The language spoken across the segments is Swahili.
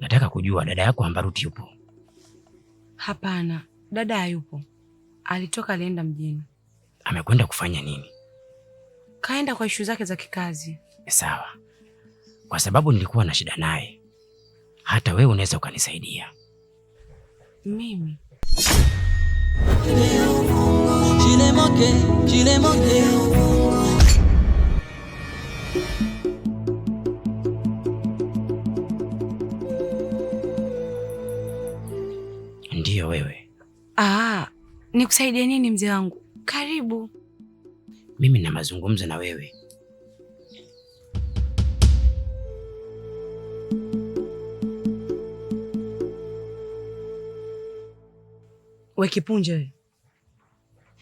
Nataka kujua dada yako Ambaruti yupo? Hapana, dada hayupo, alitoka, alienda mjini. Amekwenda kufanya nini? Kaenda kwa ishu zake za kikazi. Sawa, kwa sababu nilikuwa na shida naye, hata wewe unaweza ukanisaidia mimi. Chilemoke, chilemoke. Ndiyo wewe. Ah, nikusaidie nini mzee wangu? Karibu. Mimi na mazungumzo na wewe. We kipunje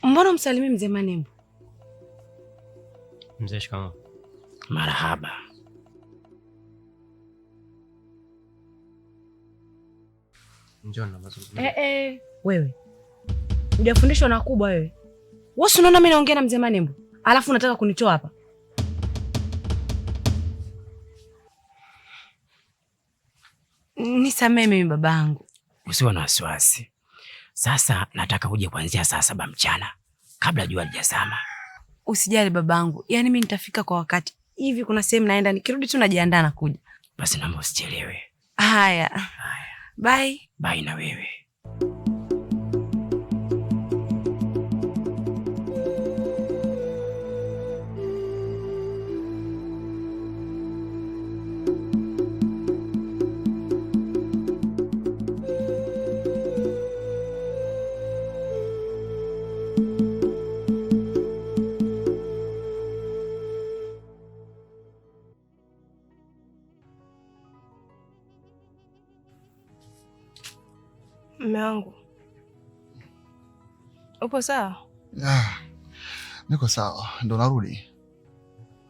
mbona msalimi mzee Manembo? Mzee shikamoo. Marahaba. Njoo na mazungumzo. Eh, eh. Wewe hujafundishwa na kubwa wewe. Wewe si unaona mimi naongea na mzee Manembo, alafu unataka kunitoa hapa. Nisamee mimi babangu. Usiwe na wasiwasi. Sasa nataka uje kuanzia saa saba mchana kabla jua lijazama. Usijali babangu, yaani mimi nitafika kwa wakati. Hivi kuna sehemu naenda, nikirudi tu najiandaa na kuja. Basi naomba usichelewe. Haya. Haya. Bye. Bye, bebé. upo sawa? Ah, niko sawa, ndo narudi.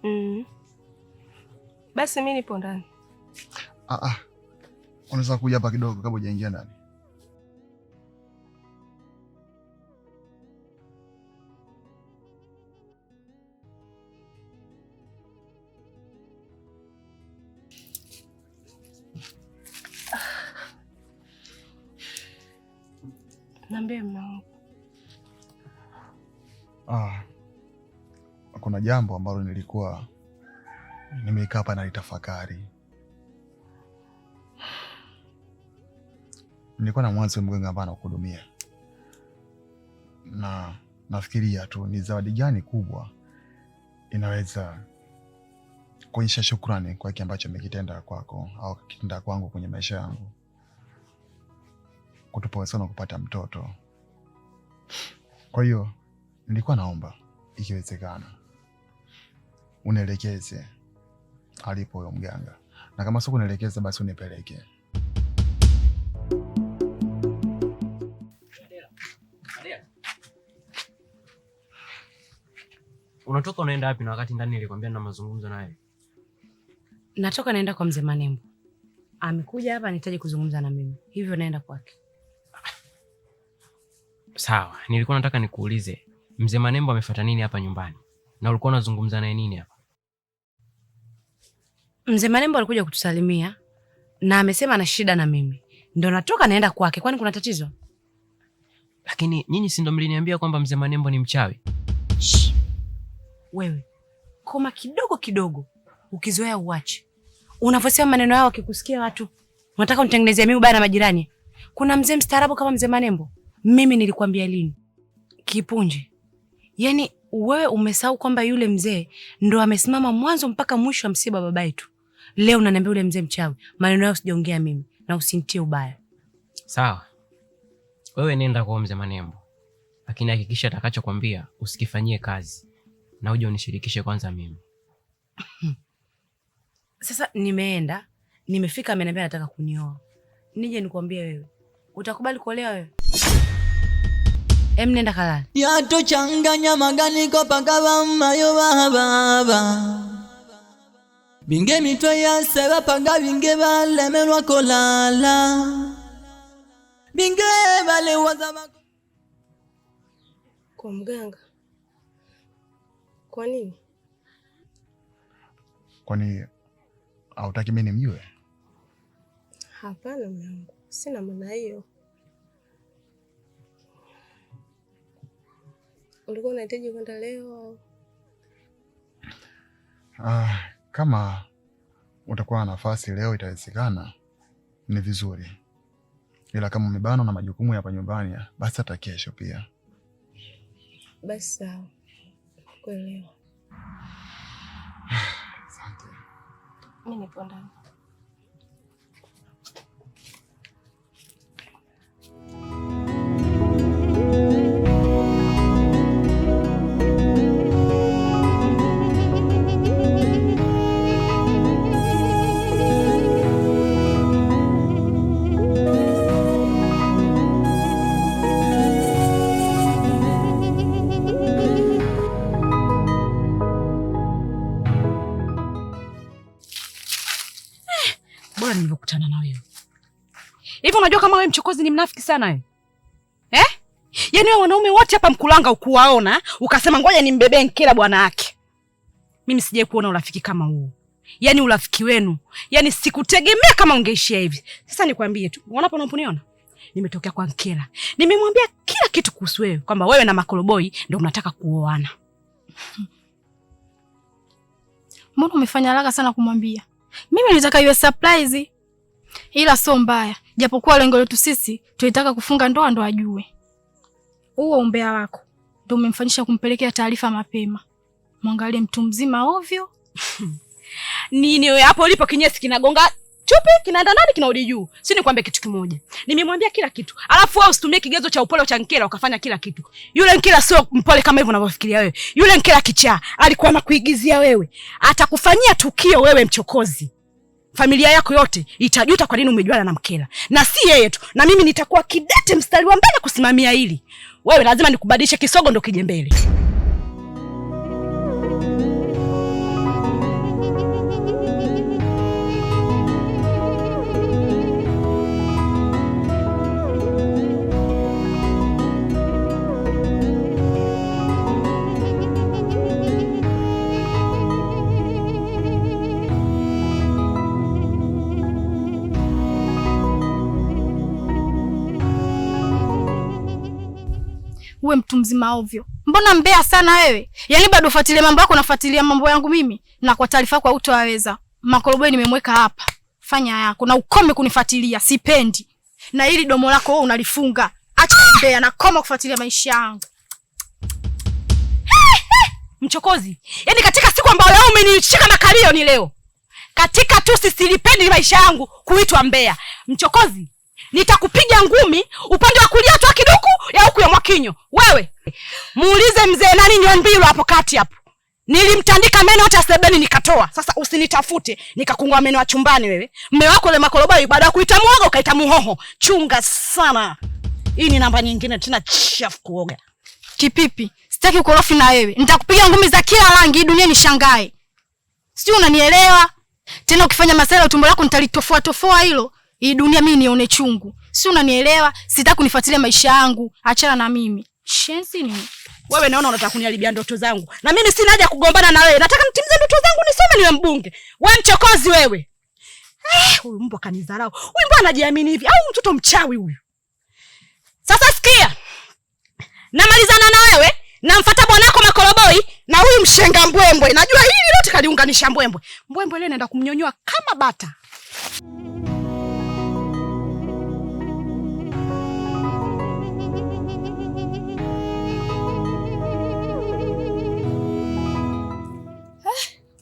Mm. Basi mimi nipo ndani. Ah, ah. Unaweza kuja hapa kidogo kabla hujaingia ndani. Ah. Naambia mama. Ah, kuna jambo ambalo nilikuwa nimekaa hapa nalitafakari. Nilikuwa na mwanzo mganga ambaye anakuhudumia, na nafikiria tu ni zawadi gani kubwa inaweza kuonyesha shukrani kwa hiki ambacho amekitenda kwako au kitenda kwangu kwenye maisha yangu, kutupa uwezekano kupata mtoto. Kwa hiyo Nilikuwa naomba ikiwezekana unielekeze alipo huyo mganga, na kama siku nielekeza, basi unipeleke. Unatoka unaenda wapi? Na wakati ndani nilikwambia na mazungumzo naye. Natoka naenda kwa mzee Manembo, amekuja hapa anahitaji kuzungumza na mimi, hivyo naenda kwake. Sawa, nilikuwa nataka nikuulize Mzee Manembo amefuata nini hapa nyumbani na ulikuwa unazungumza naye nini hapa? Mzee Manembo alikuja kutusalimia na amesema ana shida na mimi, ndo natoka naenda kwake. Kwani kuna tatizo? Lakini nyinyi si ndo mliniambia kwamba mzee Manembo ni mchawi? Shh. Wewe koma kidogo kidogo, ukizoea uwache. Unavyosema maneno yao, wakikusikia watu unataka unitengenezea mimi ubaya na majirani. Kuna mzee mstaarabu kama mzee Manembo? Mimi nilikwambia lini? Kipunje, yani wewe umesahau kwamba yule mzee ndo amesimama mwanzo mpaka mwisho wa msiba wa baba yetu. Leo unaniambia yule mzee mchawi. Maneno yao sijaongea mimi na usinitie ubaya. Sawa. Wewe nenda kwa mzee Manembo. Lakini hakikisha atakachokwambia usikifanyie kazi. Na uje unishirikishe kwanza mimi. Sasa nimeenda, nimefika ameniambia anataka kunioa. Nije nikwambie wewe. Utakubali kuolewa wewe? Emnenda kalala yato changanya maganiko pagaba mayo bababa binge mitwe yase bapaga binge balemelwa kolala binge balewaza kwa mganga. Kwa nini? Kwani hautaki mimi nimjue? Hapana mwanangu, sina maana hiyo. ulikuwa unahitaji kwenda leo? Ah, kama utakuwa na nafasi leo itawezekana, ni vizuri, ila kama umebana na majukumu ya hapa nyumbani, basi hata kesho pia. Basi sawa, kuelewa. Asante. Mimi nipo ndani. unajua kama wewe mchokozi ni mnafiki sana eh? Eh? Yaani wewe wanaume wote hapa Mkulanga ukuwaona, ukasema ngoja nimbebe nkila bwana yake. Mimi sijai kuona urafiki kama huu. Yaani urafiki wenu, yaani sikutegemea kama ungeishia hivi. Sasa nikwambie tu, unapo unaponiona? Nimetokea kwa Nkela. Nimemwambia kila kitu kuhusu wewe kwamba wewe na Makoroboi ndio mnataka kuoana. Mbona umefanya haraka sana kumwambia? Mimi nilitaka iwe surprise. Ila sio mbaya japokuwa lengo letu sisi tulitaka kufunga ndoa ndo ajue. Huo umbea wako ndo umemfanyisha kumpelekea taarifa mapema. Mwangalie mtu mzima ovyo. Nini wewe hapo ulipo kinyesi kinagonga chupi kinaenda ndani kinarudi juu. Si nikwambie kitu kimoja. Nimemwambia kila kitu. Alafu wewe usitumie kigezo cha upole cha Nkela ukafanya kila kitu. Yule Nkela sio mpole kama hivyo unavyofikiria wewe. Yule Nkela kichaa alikuwa anakuigizia wewe. Atakufanyia tukio wewe mchokozi familia yako yote itajuta kwa nini umejuana na Mkela, na si yeye tu, na mimi nitakuwa kidete mstari wa mbele kusimamia hili. Wewe lazima nikubadilishe kisogo ndo kije mbele. mzima ovyo. Mbona mbea sana wewe? Yaani bado ufuatilie mambo yako unafuatilia mambo yangu mimi na kwa taarifa yako hutaweza. Makoroboi nimemweka hapa. Fanya yako na ukome kunifuatilia, sipendi. Na ili domo lako wewe unalifunga. Acha mbea na koma kufuatilia maisha yangu. Mchokozi. Yaani katika siku ambayo leo umenishika na kalio ni leo. Katika tu sisilipendi maisha yangu kuitwa mbea. Mchokozi nitakupiga ngumi upande wa kulia toa kiduku ya huku ya Mwakinyo. Wewe muulize mzee nani Nyombilo hapo kati hapo, nilimtandika meno yote sebeni nikatoa. Sasa usinitafute nikakungua meno ya chumbani. Wewe mme wako le makorobai, baada ya kuita muoga ukaita muhoho. Chunga sana, hii ni namba nyingine tena chafu kuoga kipipi. Sitaki ukorofi na wewe, nitakupiga ngumi za kila rangi, dunia ni shangae, sijui unanielewa? Tena ukifanya masala ya utumbo lako nitalitofoa tofoa hilo hii dunia mimi nione chungu. Si unanielewa? Sitaki kunifuatilia maisha yangu. Achana na mimi. Shenzi ni wewe, naona unataka kuniharibia ndoto zangu, na mimi sina haja kugombana na wewe. Nataka nitimize ndoto zangu, nisome niwe mbunge. Wewe mchokozi wewe. Eh, Huyu mbwa kanidharau. Huyu mbwa anajiamini hivi au mtoto mchawi huyu? Sasa sikia, namalizana na wewe, namfuata bwanako Makoroboi na huyu mshenga Mbwembwe. Najua hili lote kaliunganisha Mbwembwe. Mbwembwe leo naenda kumnyonyoa kama bata.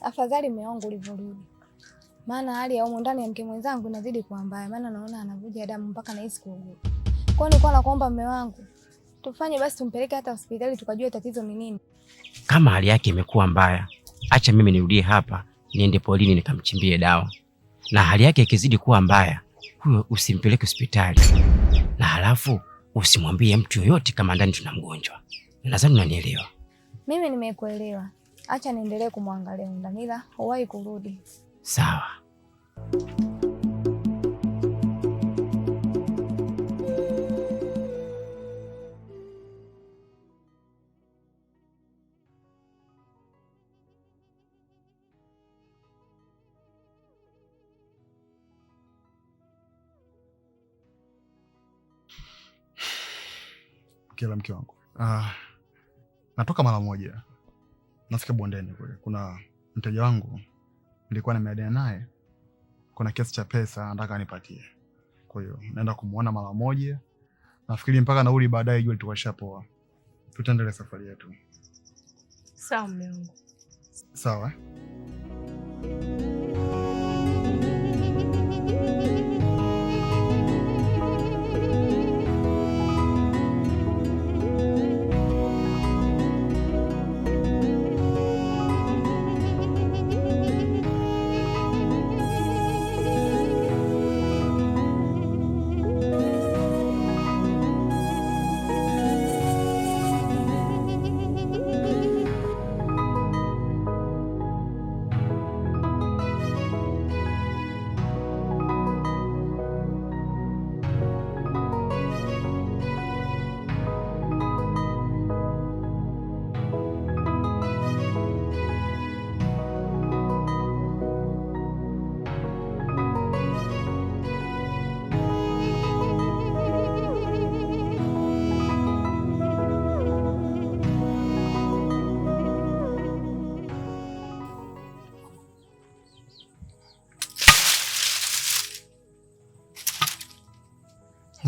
Afadhali mume wangu ulivyorudi, maana hali ya humo ndani ya mke mwenzangu inazidi kuwa mbaya, maana naona anavuja damu mpaka nahisi kuogopa. Kwa hiyo nilikuwa nakuomba mume wangu tufanye basi, tumpeleke hata hospitali tukajue tatizo ni nini. Kama hali yake imekuwa mbaya, acha mimi nirudie hapa, niende polini nikamchimbie dawa, na hali yake ikizidi kuwa mbaya, huyo usimpeleke hospitali, na halafu usimwambie mtu yoyote kama ndani tuna mgonjwa. Nadhani unanielewa. Mimi nimekuelewa Acha niendelee kumwangalia Danila, huwahi kurudi. Sawa. Kila mke wangu. Ah, natoka mara moja nafika bondeni kule, kuna mteja wangu nilikuwa nimeadana naye, kuna kiasi cha pesa anataka anipatie. Kwa hiyo naenda kumuona mara moja, nafikiri mpaka nauli baadaye jua litakwishapoa, tutaendelea safari yetu. Sawa mume wangu. Sawa.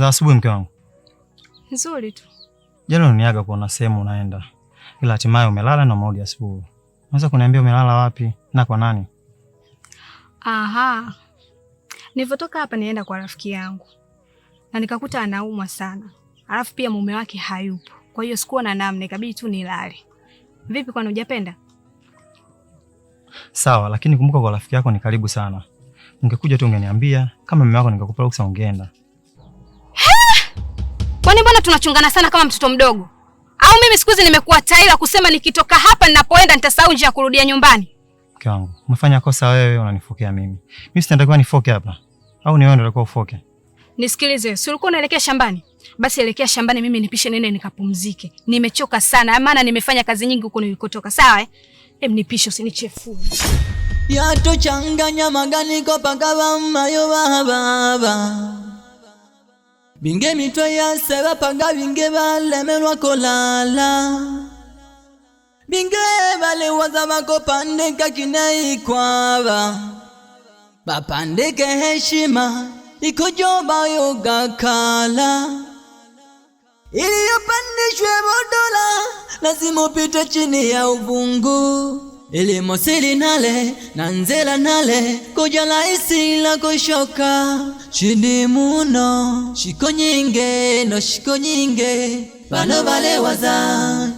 za asubuhi, mke wangu? Nzuri tu. Jana uniaga kuona sehemu unaenda, ila hatimaye umelala na maudi asubuhi. Unaweza kuniambia umelala wapi na kwa nani? Aha, nilivyotoka hapa nienda kwa rafiki yangu na nikakuta anaumwa sana, alafu pia mume wake hayupo, kwa hiyo sikuwa na namna, ikabidi tu nilale. Vipi, kwani hujapenda? Sawa, lakini kumbuka kwa rafiki yako ni karibu sana. Ungekuja tu ungeniambia, kama mume wako ningekupa ruksa ungeenda mbona tunachungana sana kama mtoto mdogo? Au mimi siku hizi nimekuwa taila kusema nikitoka hapa ninapoenda nitasahau njia ya kurudia nyumbani? Mke wangu, umefanya kosa wewe, unanifokea mimi. Mimi sitakiwa nifoke hapa. Au ni wewe ndio unatakiwa ufoke? Nisikilize, si ulikuwa unaelekea shambani? Basi elekea shambani, mimi nipishe nene nikapumzike. Nimechoka sana, maana nimefanya kazi nyingi huko nilikotoka. Sawa eh? Em, nipishe usinichefue. Yatochanganya maganiko pakawa mayo baba binge mitwe yase bapanga binge balemerwa kolala binge balewaza bakopandika kinai kwaba bapandike heshima ikojoba ili iliyopandishwe bodola lazima upite chini ya uvungu ilimosili nale na nzela nale la isila kushoka chini muno shiko nyinge no shiko nyinge bano waza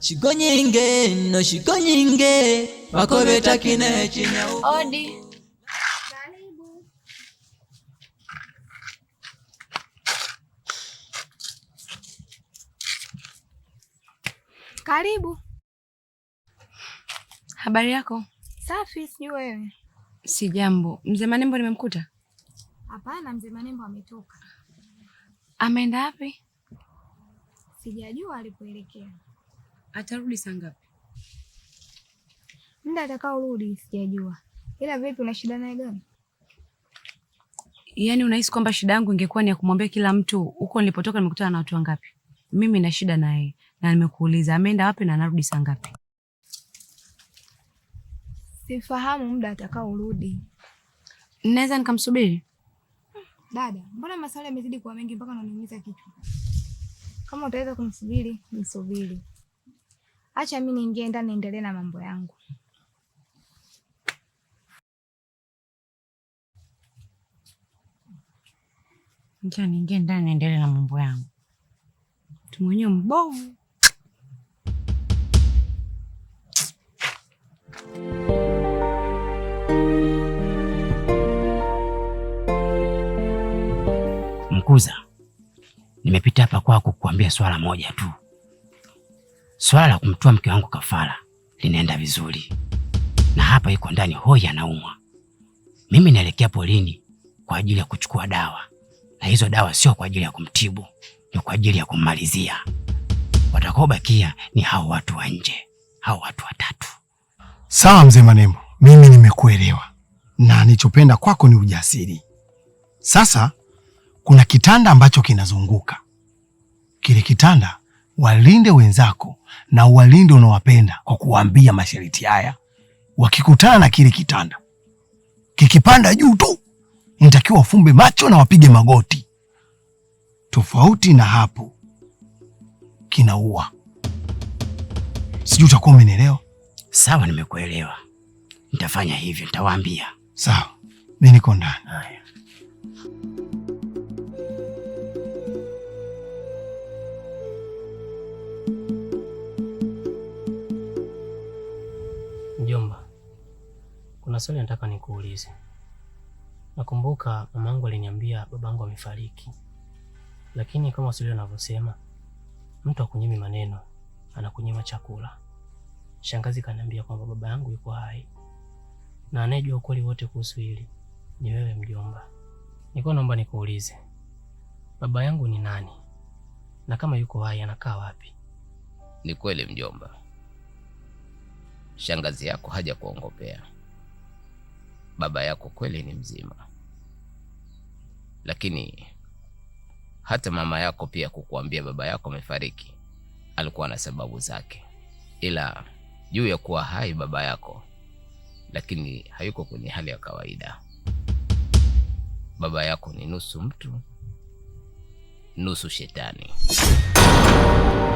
shiko nyinge no shiko nyinge wakobeta kine chinya odi karibu Habari yako? Safi, sijui wewe. Si jambo. Mzee Manembo nimemkuta? Hapana, Mzee Manembo ametoka. Ameenda wapi? Sijajua alipoelekea. Atarudi saa ngapi? Muda atakao rudi sijajua. Ila vipi, una shida naye gani? Yaani unahisi kwamba shida yangu ingekuwa ni ya kumwambia kila mtu huko nilipotoka nimekutana na watu wangapi? Mimi na shida naye na nimekuuliza ameenda wapi na anarudi saa ngapi? Sifahamu muda urudi Naweza nikamsubiri? Dada, mbona maswali yamezidi kuwa mengi mpaka unaniumiza kichwa. Kama utaweza kumsubiri, nisubiri. Acha mimi niingie ndani niendelee na mambo yangu. Niingie ndani niendelee na mambo yangu. Mtu mwenyewe mbovu. Mkuza, nimepita hapa kwako kukuambia swala moja tu. Swala la kumtoa mke wangu kafara linaenda vizuri, na hapa iko ndani hoi anaumwa. Mimi naelekea polini kwa ajili ya kuchukua dawa, na hizo dawa sio kwa ajili ya kumtibu, ni kwa ajili ya kummalizia. Watakaobakia ni hao watu wa nje, hao watu watatu. Sawa mzee Manembo, mimi nimekuelewa na nichopenda kwako ni ujasiri. Sasa kuna kitanda ambacho kinazunguka kile kitanda, walinde wenzako na uwalinde unawapenda kwa kuwaambia masharti haya. Wakikutana na kile kitanda kikipanda juu tu, nitakiwa wafumbe macho na wapige magoti. Tofauti na hapo, kinaua. Sijui utakuwa umenielewa. Sawa, nimekuelewa. Nitafanya hivyo, nitawaambia. Sawa, mimi niko ndani. Haya. Mjomba, kuna swali nataka nikuulize. Nakumbuka mamangu aliniambia babangu amefariki, lakini kama sivile anavyosema, mtu akunyimi maneno, anakunyima chakula Shangazi kaniambia kwamba baba yangu yuko hai na anayejua ukweli wote kuhusu hili ni wewe mjomba. Nilikuwa naomba nikuulize, baba yangu ni nani na kama yuko hai anakaa wapi? Ni kweli mjomba, shangazi yako haja kuongopea. Baba yako kweli ni mzima, lakini hata mama yako pia kukuambia baba yako amefariki alikuwa na sababu zake, ila juu ya kuwa hai baba yako, lakini hayuko kwenye hali ya kawaida. Baba yako ni nusu mtu nusu shetani.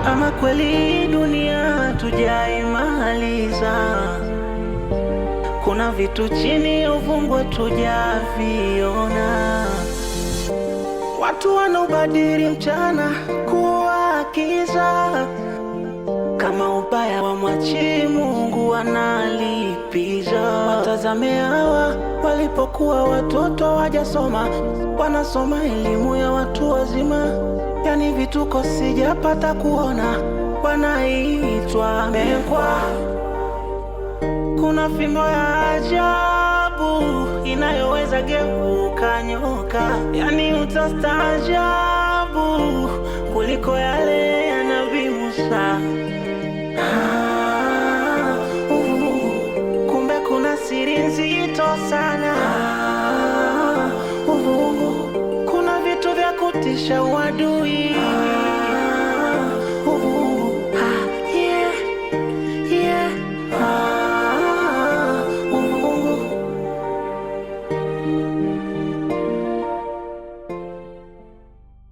Ama kweli dunia tujaimaliza, kuna vitu chini ya tujaviona. Watu wanaobadili mchana kuwa kiza kama ubaya wa mwachi Mungu analipiza. Watazame hawa walipokuwa watoto wajasoma, wanasoma elimu ya watu wazima, yani vituko sijapata kuona, wanaitwa mekwa. Kuna fimbo ya ajabu inayoweza geuka nyoka, yani utastaajabu kuliko yale do we?